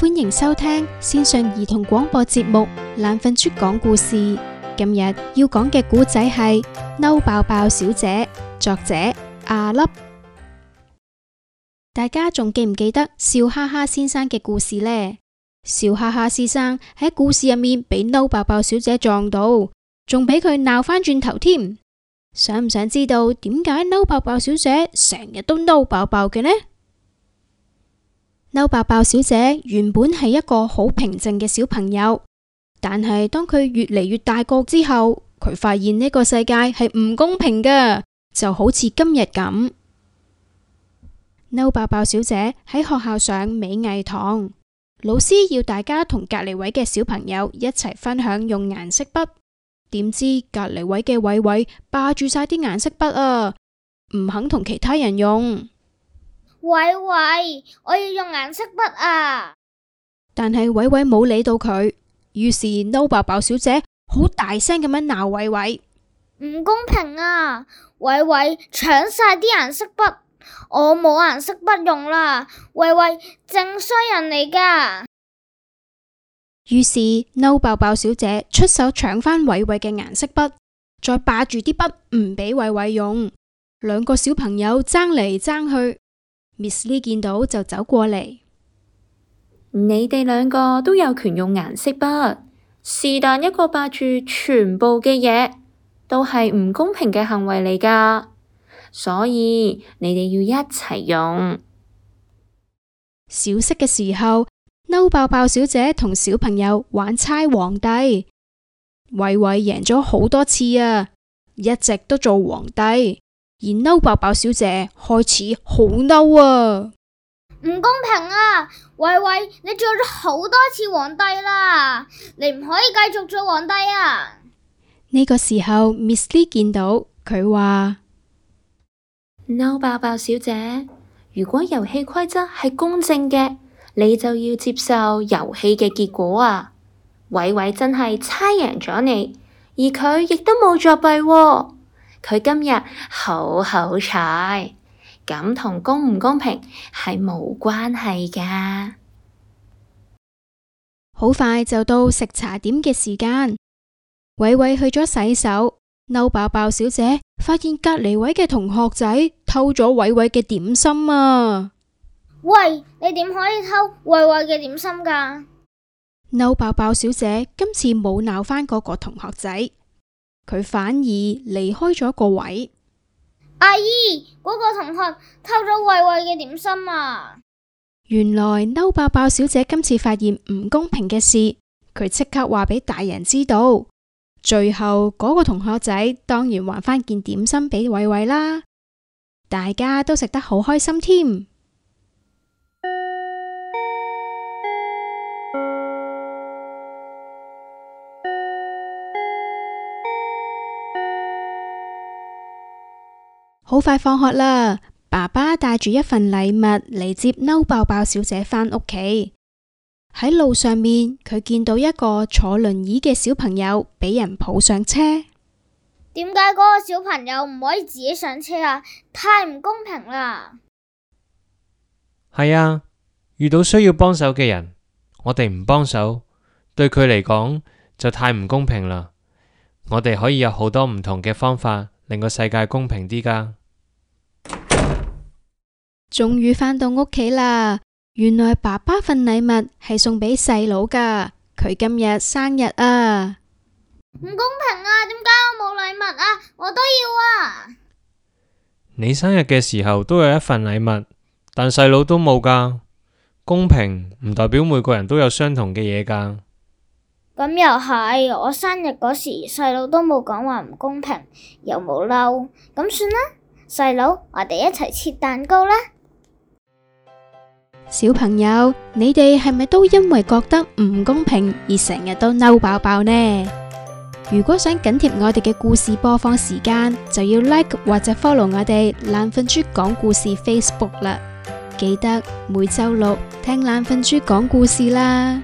歡迎收聽線上兒童廣播節目《懶瞓豬講故事》。今日要講嘅古仔係《嬲爆爆小姐》，作者阿粒。大家仲記唔記得笑哈哈先生嘅故事呢？笑哈哈先生喺故事入面被嬲爆爆小姐撞到，仲俾佢鬧翻轉頭添。想唔想知道點解嬲爆爆小姐成日都嬲爆爆嘅呢？嬲爆爆小姐原本係一個好平靜嘅小朋友，但係當佢越嚟越大個之後，佢發現呢個世界係唔公平㗎，就好似今日咁。嬲爆爆小姐喺學校上美藝堂，老師要大家同隔籬位嘅小朋友一齊分享用顏色筆，點知隔籬位嘅偉偉霸住晒啲顏色筆啊，唔肯同其他人用。偉偉，我要用顏色筆啊！但係偉偉冇理到佢，於是嬲爆爆小姐好大聲咁樣鬧偉偉，唔公平啊！偉偉搶晒啲顏色筆，我冇顏色筆用啦！偉偉正衰人嚟噶。於是嬲爆爆小姐出手搶返偉偉嘅顏色筆，再霸住啲筆唔畀偉偉用，兩個小朋友爭嚟爭去。Miss Lee 見到就走過嚟。你哋兩個都有權用顏色筆，是但一個霸住全部嘅嘢，都係唔公平嘅行為嚟㗎。所以你哋要一齊用。小息嘅時候，嬲爆爆小姐同小朋友玩猜皇帝，偉偉贏咗好多次啊，一直都做皇帝。而嬲爆爆小姐開始好嬲啊！唔公平啊！偉偉，你做咗好多次皇帝啦，你唔可以繼續做皇帝啊！呢個時候，Miss Lee 見到佢話：嬲爆爆小姐，如果遊戲規則係公正嘅，你就要接受遊戲嘅結果啊！偉偉真係猜贏咗你，而佢亦都冇作弊喎。佢今日好好彩，咁同公唔公平係冇關係噶。好快就到食茶點嘅時間，偉偉去咗洗手，嬲爆爆小姐發現隔籬位嘅同學仔偷咗偉偉嘅點心啊！喂，你點可以偷偉偉嘅點心噶？嬲爆爆小姐今次冇鬧返嗰個同學仔。佢反而離開咗個位。阿姨，嗰、那個同學偷咗慧慧嘅點心啊！原來嬲爆爆小姐今次發現唔公平嘅事，佢即刻話俾大人知道。最後嗰、那個同學仔當然還返件點心俾慧慧啦，大家都食得好開心添。好快放學啦！爸爸帶住一份禮物嚟接嬲爆爆小姐返屋企。喺路上面，佢見到一個坐輪椅嘅小朋友俾人抱上車。點解嗰個小朋友唔可以自己上車啊？太唔公平啦！係啊，遇到需要幫手嘅人，我哋唔幫手，對佢嚟講就太唔公平啦。我哋可以有好多唔同嘅方法，令個世界公平啲㗎。終於返到屋企啦！原來爸爸份禮物係送畀細佬噶，佢今日生日啊！唔公平啊！點解我冇禮物啊？我都要啊！你生日嘅時候都有一份禮物，但細佬都冇噶。公平唔代表每個人都有相同嘅嘢噶。咁又係，我生日嗰時細佬都冇講話唔公平，又冇嬲，咁算啦。細佬，我哋一齊切蛋糕啦！小朋友，你哋係咪都因為覺得唔公平而成日都嬲爆爆呢？如果想緊貼我哋嘅故事播放時間，就要 like 或者 follow 我哋懶瞓豬講故事 Facebook 啦！記得每周六聽懶瞓豬講故事啦。